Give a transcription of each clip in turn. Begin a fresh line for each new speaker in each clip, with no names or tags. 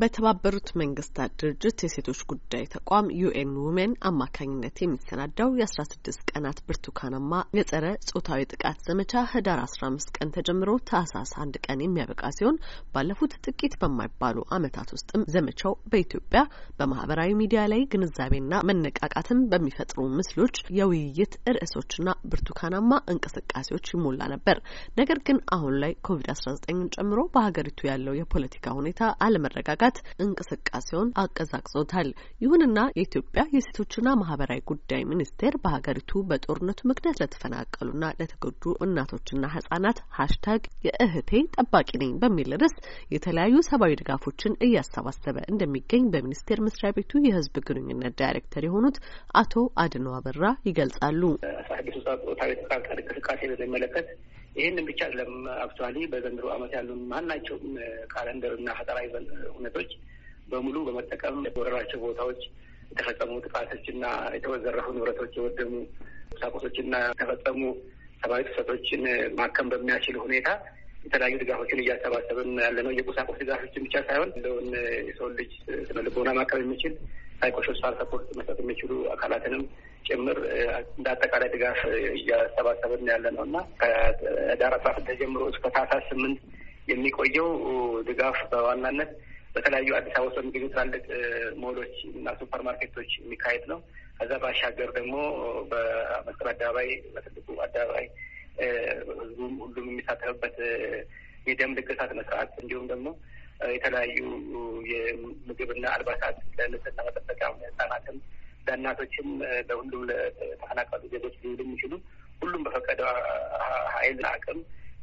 በተባበሩት መንግስታት ድርጅት የሴቶች ጉዳይ ተቋም ዩኤን ውሜን አማካኝነት የሚሰናዳው የአስራ ስድስት ቀናት ብርቱካናማ የጸረ ጾታዊ ጥቃት ዘመቻ ህዳር አስራ አምስት ቀን ተጀምሮ ታህሳስ አንድ ቀን የሚያበቃ ሲሆን ባለፉት ጥቂት በማይባሉ ዓመታት ውስጥም ዘመቻው በኢትዮጵያ በማህበራዊ ሚዲያ ላይ ግንዛቤና መነቃቃትን በሚፈጥሩ ምስሎች፣ የውይይት ርዕሶችና ብርቱካናማ እንቅስቃሴዎች ይሞላ ነበር። ነገር ግን አሁን ላይ ኮቪድ አስራ ዘጠኝን ጨምሮ በሀገሪቱ ያለው የፖለቲካ ሁኔታ አለመረጋጋት መረጋጋት እንቅስቃሴውን አቀዛቅዞታል። ይሁንና የኢትዮጵያ የሴቶችና ማህበራዊ ጉዳይ ሚኒስቴር በሀገሪቱ በጦርነቱ ምክንያት ለተፈናቀሉና ለተጎዱ እናቶችና ህጻናት ሀሽታግ የእህቴ ጠባቂ ነኝ በሚል ርዕስ የተለያዩ ሰብአዊ ድጋፎችን እያሰባሰበ እንደሚገኝ በሚኒስቴር መስሪያ ቤቱ የህዝብ ግንኙነት ዳይሬክተር የሆኑት አቶ አድነው አበራ ይገልጻሉ።
ጾታዊ ጥቃት እንቅስቃሴ በሚመለከት ይህንን ብቻ አይደለም። አክቹዋሊ በዘንድሮ ዓመት ያሉን ማናቸውም እና ፈጠራዊ እውነቶች በሙሉ በመጠቀም የወረራቸው ቦታዎች የተፈጸሙ ጥቃቶች እና የተወዘረፉ ንብረቶች፣ የወደሙ ቁሳቁሶች እና የተፈጸሙ ሰብአዊ ጥሰቶችን ማከም በሚያስችል ሁኔታ የተለያዩ ድጋፎችን እያሰባሰብን ያለ ነው። የቁሳቁስ ድጋፎችን ብቻ ሳይሆን ያለውን የሰውን ልጅ ስነልቦና ማቀብ የሚችል ሳይኮሶሻል ሰፖርት መስጠት የሚችሉ አካላትንም ጭምር እንደ አጠቃላይ ድጋፍ እያሰባሰብን ያለ ነው እና ከዳር አስራ ስድስት ጀምሮ እስከ ታህሳስ ስምንት የሚቆየው ድጋፍ በዋናነት በተለያዩ አዲስ አበባ ውስጥ የሚገኙ ትላልቅ ሞሎች እና ሱፐር ማርኬቶች የሚካሄድ ነው። ከዛ ባሻገር ደግሞ በመስቀል አደባባይ በትልቁ አደባባይ ህዝቡም ሁሉም የሚሳተፍበት የደም ልገሳ ስነ እንዲሁም ደግሞ የተለያዩ የምግብና አልባሳት ለንጽህና መጠበቂያ ህጻናትም ለእናቶችም ለሁሉም ለተፈናቀሉ ዜጎች ሊውል የሚችሉ ሁሉም በፈቀደ ኃይል አቅም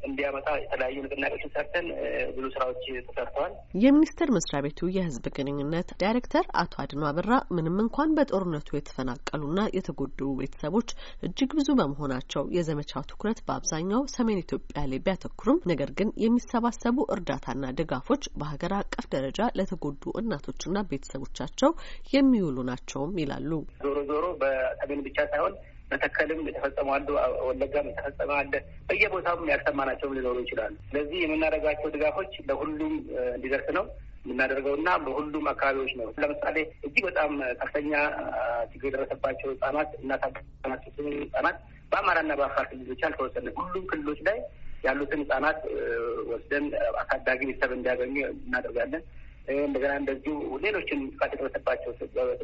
እንዲያመጣ የተለያዩ ንቅናቄዎችን ሰርተን ብዙ ስራዎች ተሰርተዋል።
የሚኒስቴር መስሪያ ቤቱ የህዝብ ግንኙነት ዳይሬክተር አቶ አድኖ አበራ ምንም እንኳን በጦርነቱ የተፈናቀሉና የተጎዱ ቤተሰቦች እጅግ ብዙ በመሆናቸው የዘመቻው ትኩረት በአብዛኛው ሰሜን ኢትዮጵያ ላይ ቢያተኩርም ነገር ግን የሚሰባሰቡ እርዳታና ድጋፎች በሀገር አቀፍ ደረጃ ለተጎዱ እናቶችና ቤተሰቦቻቸው የሚውሉ ናቸውም ይላሉ።
ዞሮ ዞሮ በሰሜን ብቻ ሳይሆን መተከልም የተፈጸመ አለ፣ ወለጋም የተፈጸመ አለ። በየቦታውም ያልሰማናቸውም ሊኖሩ ይችላሉ። ስለዚህ የምናደርጋቸው ድጋፎች ለሁሉም እንዲደርስ ነው የምናደርገው እና በሁሉም አካባቢዎች ነው። ለምሳሌ እጅግ በጣም ከፍተኛ ችግር የደረሰባቸው ህጻናት እናታናቸ ህጻናት በአማራና በአፋር ክልሎች አልተወሰነ ሁሉም ክልሎች ላይ ያሉትን ህጻናት ወስደን አሳዳጊ ቤተሰብ እንዲያገኙ እናደርጋለን። እንደገና እንደዚሁ ሌሎችን ጥቃት የደረሰባቸው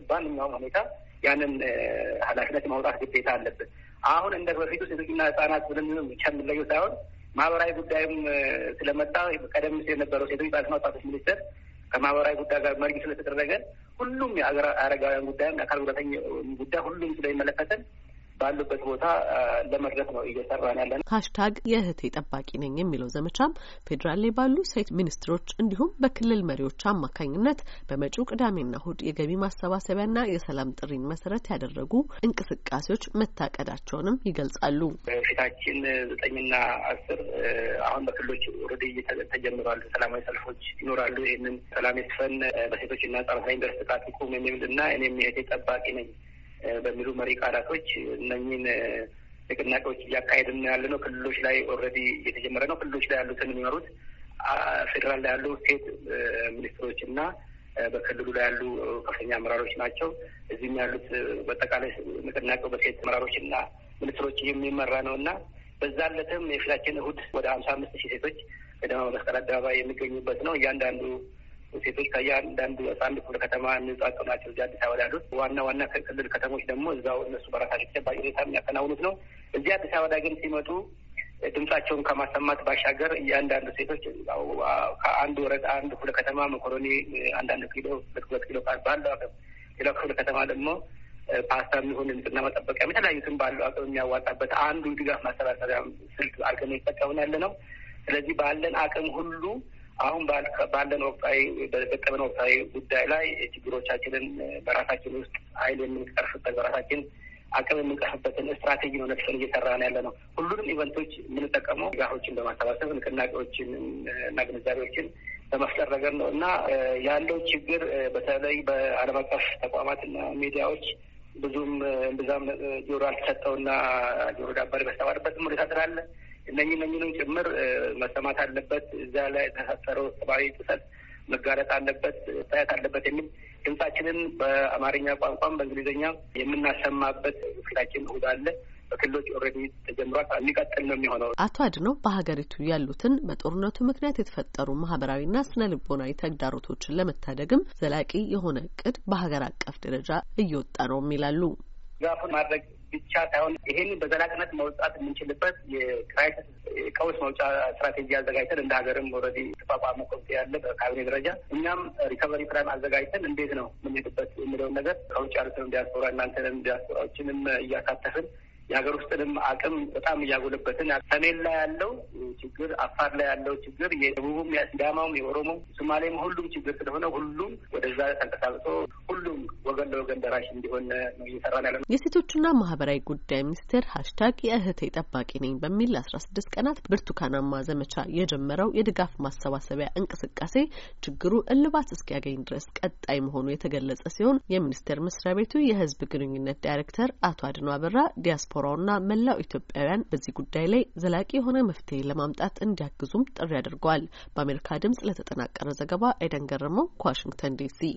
ባንኛውም ሁኔታ ያንን ኃላፊነት ማውጣት ግዴታ አለብን። አሁን እንደ በፊቱ ሴቶችና ህጻናት ብለን ብቻ የምንለየው ሳይሆን ማህበራዊ ጉዳይም ስለመጣ ቀደም ሲል የነበረው ሴቶች ህጻናትና ወጣቶች ሚኒስቴር ከማህበራዊ ጉዳይ ጋር መርጊ ስለተደረገ ሁሉም የአረጋውያን ጉዳይም የአካል ጉዳተኛ ጉዳይ ሁሉም ስለሚመለከተን ባሉበት ቦታ ለመድረስ ነው እየሰራ ነው ነው።
ሀሽታግ የእህቴ ጠባቂ ነኝ የሚለው ዘመቻም ፌዴራል ላይ ባሉ ሴት ሚኒስትሮች እንዲሁም በክልል መሪዎች አማካኝነት በመጪው ቅዳሜና እሁድ የገቢ ማሰባሰቢያና የሰላም ጥሪን መሰረት ያደረጉ እንቅስቃሴዎች መታቀዳቸውንም ይገልጻሉ።
ፊታችን ዘጠኝና አስር አሁን በክልሎች ኦልሬዲ ተጀምሯል። ሰላማዊ ሰልፎች ይኖራሉ። ይህንን ሰላም ይስፈን በሴቶችና ህጻናት ላይ ደርስ ጥቃት ይቁም የሚልና እኔም የእህቴ ጠባቂ ነኝ በሚሉ መሪ ቃላቶች እነኝን ንቅናቄዎች እያካሄድን ያለ ነው። ክልሎች ላይ ኦልሬዲ እየተጀመረ ነው። ክልሎች ላይ ያሉትን የሚመሩት ፌዴራል ላይ ያሉ ሴት ሚኒስትሮች እና በክልሉ ላይ ያሉ ከፍተኛ አመራሮች ናቸው። እዚህም ያሉት በአጠቃላይ ንቅናቄው በሴት አመራሮች እና ሚኒስትሮች የሚመራ ነው እና በዛ ለትም የፊታችን እሁድ ወደ ሀምሳ አምስት ሺህ ሴቶች በደመራ መስቀል አደባባይ የሚገኙበት ነው። እያንዳንዱ ሴቶች ከእያንዳንዱ አንድ ክፍለ ከተማ የሚውጣጡ ናቸው እዚህ አዲስ አበባ ያሉት። ዋና ዋና ክልል ከተሞች ደግሞ እዛው እነሱ በራሳቸው ተጨባጭ ሁኔታ የሚያከናውኑት ነው። እዚህ አዲስ አበባ ግን ሲመጡ ድምጻቸውን ከማሰማት ባሻገር እያንዳንዱ ሴቶች ከአንድ ወረዳ አንድ ክፍለ ከተማ መኮሮኒ አንዳንድ ኪሎ ሁለት ሁለት ኪሎ ባለው አቅም፣ ሌላ ክፍለ ከተማ ደግሞ ፓስታ የሚሆን ንጽህና መጠበቂያ የተለያዩትን ባለው አቅም የሚያዋጣበት አንዱ ድጋፍ ማሰባሰቢያ ስልት አድርገን እየተጠቀምን ያለ ነው። ስለዚህ ባለን አቅም ሁሉ አሁን ባለን ወቅታዊ በጠቀምን ወቅታዊ ጉዳይ ላይ ችግሮቻችንን በራሳችን ውስጥ ኃይል የምንቀርፍበት በራሳችን አቅም የምንቀርፍበትን ስትራቴጂ ነው ነፍሰን እየሰራ ያለ ነው። ሁሉንም ኢቨንቶች የምንጠቀመው ጋሆችን በማሰባሰብ ንቅናቄዎችን እና ግንዛቤዎችን በመፍጠር ነገር ነው እና ያለው ችግር በተለይ በዓለም አቀፍ ተቋማትና ሚዲያዎች ብዙም እንብዛም ጆሮ አልተሰጠውና ጆሮ ዳባሪ በስተባርበትም ሁኔታ ስላለ እነኝህ ነኝንም ጭምር መሰማት አለበት። እዛ ላይ የተሳሰረው ሰብአዊ ጥሰት መጋለጥ አለበት፣ ታየት አለበት የሚል ድምጻችንን በአማርኛ ቋንቋም በእንግሊዝኛ የምናሰማበት ምስላችን እሑድ አለ። በክልሎች ኦልሬዲ ተጀምሯል። የሚቀጥል ነው የሚሆነው።
አቶ አድነው በሀገሪቱ ያሉትን በጦርነቱ ምክንያት የተፈጠሩ ማህበራዊና ስነ ልቦናዊ ተግዳሮቶችን ለመታደግም ዘላቂ የሆነ እቅድ በሀገር አቀፍ ደረጃ እየወጣ ነውም ይላሉ።
ዛፉን ማድረግ ብቻ ሳይሆን ይህን በዘላቅነት መውጣት የምንችልበት የክራይሲስ ቀውስ መውጫ ስትራቴጂ አዘጋጅተን እንደ ሀገርም ኦልሬዲ ተቋቋመ ኮሚቴ ያለ በካቢኔ ደረጃ እኛም ሪከቨሪ ፕላን አዘጋጅተን እንዴት ነው የምንሄድበት የሚለውን ነገር ከውጭ ያሉትንም ዲያስፖራ እናንተንም ዲያስፖራዎችንም እያሳተፍን የሀገር ውስጥንም አቅም በጣም እያጎለበትን ሰሜን ላይ ያለው ችግር፣ አፋር ላይ ያለው ችግር፣ የደቡቡም፣ የሲዳማውም፣ የኦሮሞም፣ ሶማሌም ሁሉም ችግር ስለሆነ ሁሉም ወደዛ ተንቀሳቅሶ ሁሉም ወገን ለወገን ደራሽ እንዲሆን ነው እየሰራ ያለ
የሴቶችና ማህበራዊ ጉዳይ ሚኒስቴር ሀሽታግ የእህቴ ጠባቂ ነኝ በሚል አስራ ስድስት ቀናት ብርቱካናማ ዘመቻ የጀመረው የድጋፍ ማሰባሰቢያ እንቅስቃሴ ችግሩ እልባት እስኪያገኝ ድረስ ቀጣይ መሆኑ የተገለጸ ሲሆን የሚኒስቴር መስሪያ ቤቱ የህዝብ ግንኙነት ዳይሬክተር አቶ አድኖ አበራ ዲያስፖ ዲያስፖራውና መላው ኢትዮጵያውያን በዚህ ጉዳይ ላይ ዘላቂ የሆነ መፍትሄ ለማምጣት እንዲያግዙም ጥሪ አድርገዋል። በአሜሪካ ድምጽ ለተጠናቀረ ዘገባ ኤደን ገረመው ከዋሽንግተን ዲሲ